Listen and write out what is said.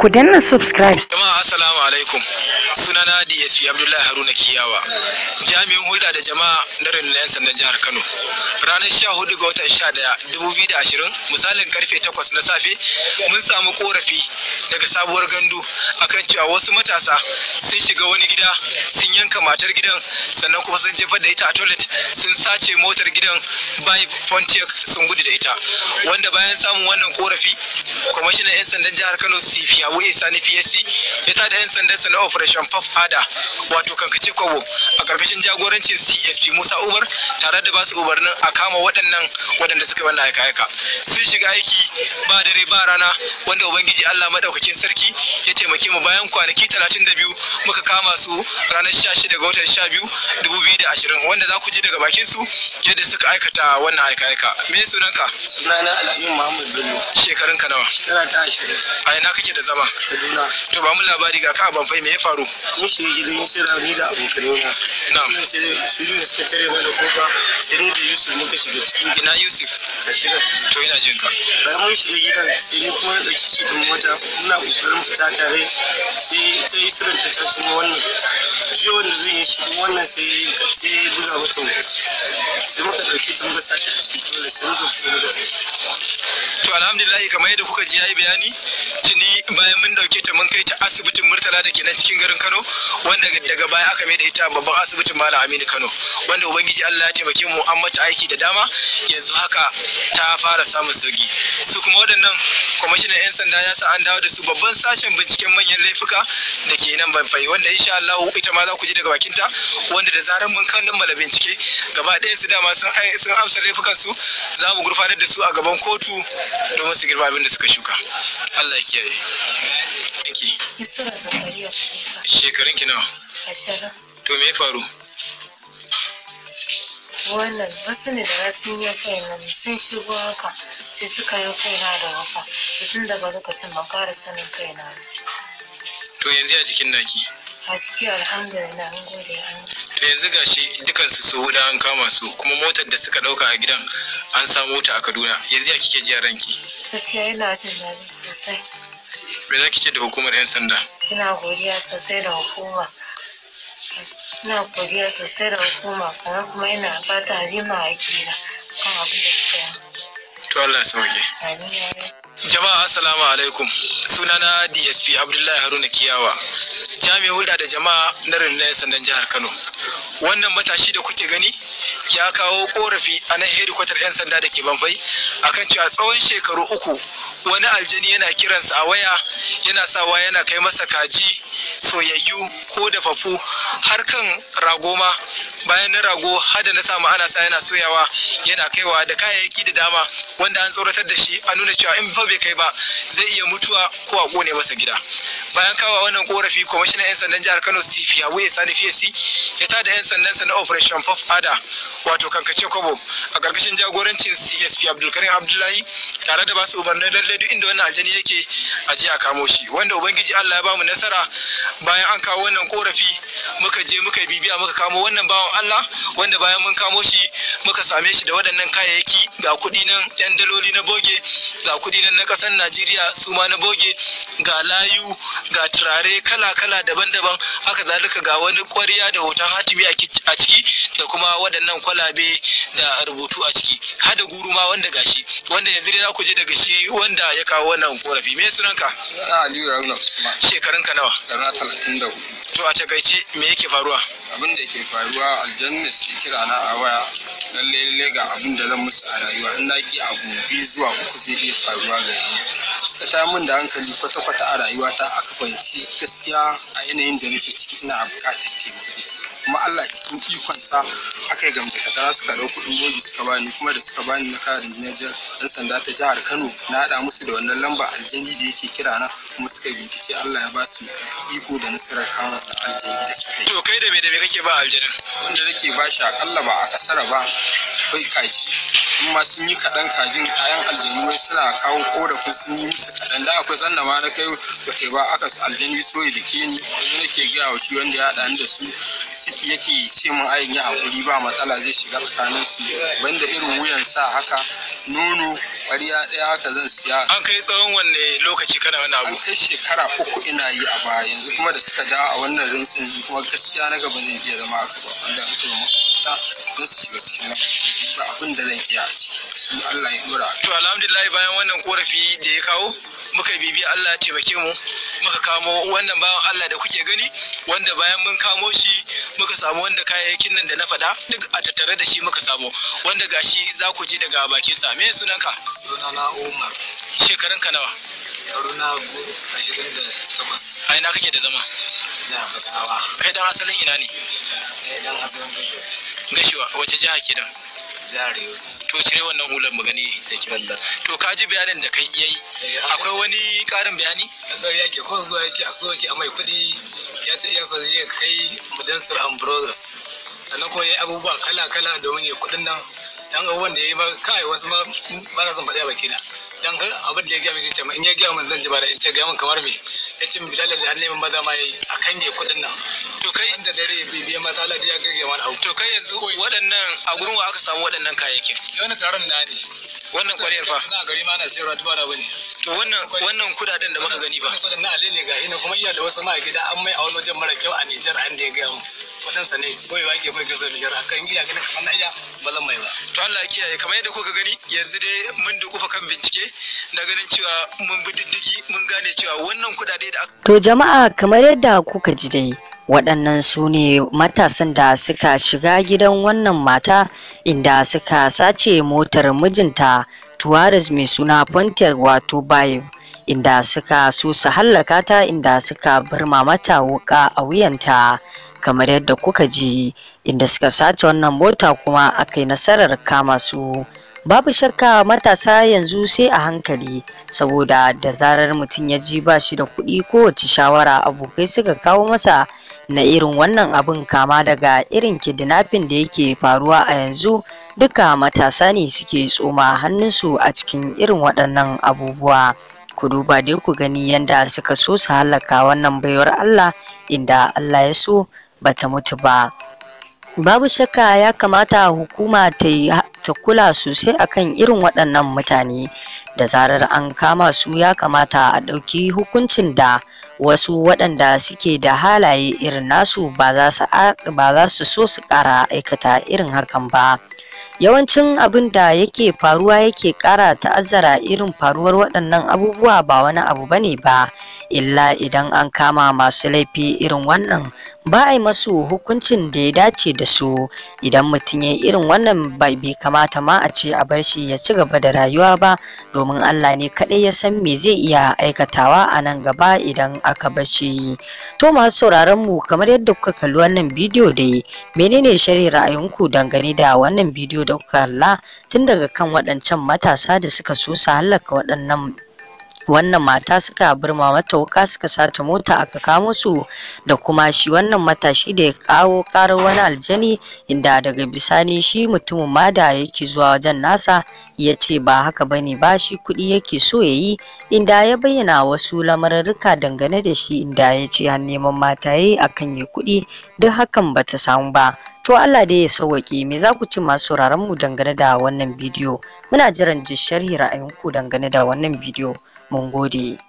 ku danna subscribe. Jama'a assalamu alaikum. Sunana DSP Abdullahi Haruna Kiyawa. Jami'in hulɗa da jama'a na 'yan sandan jihar Kano. ranar sha hudu ga watan sha daya dubu biyu da ashirin misalin karfe takwas na safe mun samu korafi daga sabuwar gandu akan cewa wasu matasa sun shiga wani gida sun yanka matar gidan sannan kuma sun jefar da ita a toilet sun sace motar gidan bai pontiac sun gudu da ita wanda bayan samun wannan korafi kwamishinan 'yan sandan jihar kano cp hawu sani psc ya tada 'yan sandan sana operation pop hada wato kankace kwabo a karkashin jagorancin csp musa umar tare da basu umarnin a kama waɗannan waɗanda suka yi wannan aika aika sun shiga aiki ba dare ba rana wanda ubangiji Allah madaukakin sarki ya taimake mu bayan kwanaki 32 muka kama su ranar 16 ga watan 12 2020 wanda za ku ji daga bakin su yadda suka aikata wannan aika aika me sunanka sunana Alamin Muhammad Bello shekarun ka nawa tana ta 20 a ina kake da zama Kaduna to ba mu labari ga ka ban fai me ya faru mun shiga gidan sirri da abokanai na na'am sai su suka tare mana kofa sai da Yusuf ka shiga cikin gina yusuf to ina jin ka bari mun shiga gidan sai ni kuma na ɗauki don mota ina ƙoƙarin fita tare sai ta yi siran ta ta cimo wannan jiya wanda zai yi shigo wannan sai sai buga mata wuka sai muka ɗauke ta muka sake a cikin dole sai muka fita muka to alhamdulillah kamar yadda kuka ji yayi bayani tuni bayan mun ɗauke ta mun kai ta asibitin murtala da ke nan cikin garin kano wanda daga baya aka mai da ita babban asibitin malam aminu kano wanda ubangiji allah ya taimake mu an mata aiki da dama yanzu haka ta fara samun sauki su kuma waɗannan kwamishinan 'yan sanda ya sa an dawo da su babban sashen binciken manyan laifuka da ke nan banfai wanda insha Allah ita ma za ku ji daga bakinta wanda da zarar mun kammala bincike gaba ɗayan su dama sun amsa laifukan su za mu gurfanar da su a gaban kotu domin su girba abin da suka shuka Allah ya kiyaye shekarun ki nawa to me ya faru wannan wasu ne da sun yi kaina sun shigo haka sai suka yi na da wafa tun daga lokacin ban kara sanin kai na to yanzu a jikin daki a ciki alhamdulillah an gode an to yanzu gashi dukansu su huda an kama su kuma motar da suka dauka a gidan an samu ta a kaduna yanzu ya kike ji a ranki gaskiya yana jin daɗi sosai me za ki ce da hukumar 'yan sanda ina godiya sosai da hukuma ina godiya sosai da hukuma sannan kuma ina fata jima a kira kan abin da suka to Allah sauke jama'a assalamu alaikum sunana dsp abdullahi haruna kiyawa jami'in hulɗa da jama'a na rundunar sandan jihar kano wannan matashi da kuke gani ya kawo korafi a nan hedikwatar 'yan sanda da ke banfai akan cewa tsawon shekaru uku wani aljani yana kiransa a waya yana sawa yana kai masa kaji soyayyu ko dafaffu har kan rago bayan na rago har da na samu ana sa yana soyawa yana kaiwa da kayayyaki da dama wanda an tsoratar da shi a nuna cewa in fa bai kai ba zai iya mutuwa ko a kone masa gida bayan kawo wannan korafi kwamishinan 'yan sandan jihar kano cp habu sani fesi ya ta da 'yan sandan sana operation puff ada wato kankace kobo a karkashin jagorancin csp abdulkarim abdullahi tare da basu umarnin lallai inda wannan aljani yake a jiya kamo shi wanda ubangiji allah ya bamu nasara bayan an kawo wannan korafi muka je muka yi bibiya muka kamo wannan bawan Allah wanda bayan mun kamo shi muka same shi da waɗannan kayayyaki ga kuɗi nan yan daloli na boge ga kuɗi nan na ƙasar najeriya su ma na boge ga layu ga turare kala-kala daban-daban haka zalika ga wani ƙwarya da hoton hatimi a ciki da kuma waɗannan kwalabe da rubutu a ciki har da guru ma wanda gashi wanda yanzu dai za ku je daga shi wanda ya kawo wannan korafi me sunanka ka aliyu rauna usman shekarunka nawa 34 to a takaice me yake faruwa abin da ke faruwa aljanna ce kira na a waya lallai lele ga abin da zan musu a rayuwa in na ki abu biyu zuwa uku zai iya faruwa ga ni suka ta min da hankali kwata-kwata a rayuwa ta aka fahimci gaskiya a yanayin da nake ciki ina buƙatar taimako kuma Allah cikin ikonsa aka yi gamda katara suka ɗau kuɗin goji suka bani kuma da suka bani na karin jinajar ɗan sanda ta jihar Kano na haɗa musu da wannan lamba aljani da yake kira na kuma suka bincike Allah ya ba su iko da nasarar kamar aljani da suka yi. To kai da me da me kake ba aljanin? wanda nake shi akalla ba a kasara ba bai kaji in sun yi kaɗan kajin kayan aljanu wai suna kawo korafin sun yi musu kaɗan da akwai zanna ma na kai wata ba aka su aljanu so ya dake ni yanzu nake gaya wa shi wanda ya haɗa da su suke yake ce min ayin ya haƙuri ba matsala zai shiga tsakanin su banda irin wuyan sa haka nono Ƙarya ɗaya haka zan siya an kai tsawon wanne lokaci kana wani abu an kai shekara uku ina yi a baya yanzu kuma da suka dawo a wannan rintsin kuma gaskiya na gaba zan iya zama haka ba wanda aka yi makwabta don su shiga cikin ba abin da zan iya su Allah ya dora to alhamdulillah bayan wannan korafi da ya kawo muka bibiya Allah ya taimake mu muka kamo wannan bawan Allah da kuke gani wanda bayan mun kamo shi muka samu wanda kayayyakin nan da na faɗa duk a tattare da shi muka samu wanda gashi za ku ji daga bakin sa me sunanka sunana Umar Shekarun ka nawa yaruna ashirin da takwas a ina kake da zama ina kai dan asalin ina ne kai eh, dan asalin gashiwa gashiwa wace jiha kenan To cire wannan hular mu gani da ke Allah. To ka ji bayanin da kai yayi. Eh, Akwai wani karin bayani? Kakar yake ko zuwa yake a soke a mai kudi ya ce iya son zai kai mudan Mudansir Ambrosius. Sannan ko yayi abubuwa kala-kala domin ya kudin nan dan abubuwan da yayi ba kai wasu ma ba na son faɗi ba kina Dan abin da ya gaya min ce in ya gaya min zan ji ba da in ce gaya min kamar me. ya ce bilal da har neman maza ma a kan ya kudin nan to kai da dare bibiya mata Allah ya gage mana abu to kai yanzu waɗannan a gurin wa aka samu waɗannan kayayyakin wannan taron na ne wannan kwaryar fa na gari ma na sayarwa duba da bane to wannan wannan kudaden da muka gani ba kudaden na alele ga ina kuma iya da wasu ma gida an mai a wani wajen mara kyau a niger an da ya ga mu wasan sa ne goyi ba ke bai gaso Nijar kan iya ganin kamar na iya ba zan mai ba to Allah ya kiyaye kamar yadda kuka gani yanzu dai mun dukufa kan bincike na ganin cewa mun bi diddigi mun gane cewa wannan kudade da aka to jama'a kamar yadda kuka ji dai waɗannan su ne matasan da suka shiga gidan wannan mata inda suka sace motar mijinta tuwaris mai suna pontiac wato bayo inda suka so su hallaka ta inda suka birma mata wuka a wuyanta kamar yadda kuka ji inda suka sace wannan mota kuma aka yi nasarar kama su babu shakka matasa yanzu sai a hankali saboda da zarar mutum ya ji ba shi da kuɗi kowace shawara abokai suka kawo masa na irin wannan abin kama daga irin kidnapping da yake faruwa a yanzu duka matasa ne suke tsoma hannunsu a cikin irin waɗannan abubuwa ku duba dai ku gani yadda suka so su halaka wannan baiwar Allah inda Allah ya so bata mutu ba babu shakka ya kamata hukuma ta kula sosai akan irin waɗannan mutane da zarar an kama su ya kamata a ɗauki hukuncin da wasu waɗanda suke da halaye irin nasu ba za su so su ƙara aikata irin hakan ba yawancin abin da yake faruwa yake ƙara ta'azzara irin faruwar waɗannan abubuwa ba wani abu bane ba illa idan an kama masu laifi irin wannan ba a yi masu hukuncin da ya dace da su idan mutum ya irin wannan bai kamata ma a ce a bar shi ya ci gaba da rayuwa ba domin Allah ne kaɗai ya san me zai iya aikatawa a nan gaba idan aka bar shi to masu sauraron mu kamar yadda kuka kalli wannan bidiyo dai menene shari ra'ayinku dangane da wannan bidiyo da kuka kalla tun daga kan waɗancan matasa da suka so su hallaka waɗannan wannan mata suka burma mata wuka suka sata mota aka kamo su da kuma shi wannan matashi da ya kawo karar wani aljani inda daga bisani shi mutumin ma da yake zuwa wajen nasa ya ce ba haka bane ba shi kuɗi yake so ya yi inda ya bayyana wasu lamarurruka dangane da shi inda ya ce har neman mata yayi akan ya kuɗi duk hakan bata samu ba To Allah dai ya sauwaƙe me za ku ci masu sauraron mu dangane da wannan bidiyo. Muna jiran jin sharhi ra'ayinku dangane da wannan bidiyo. Mun gode.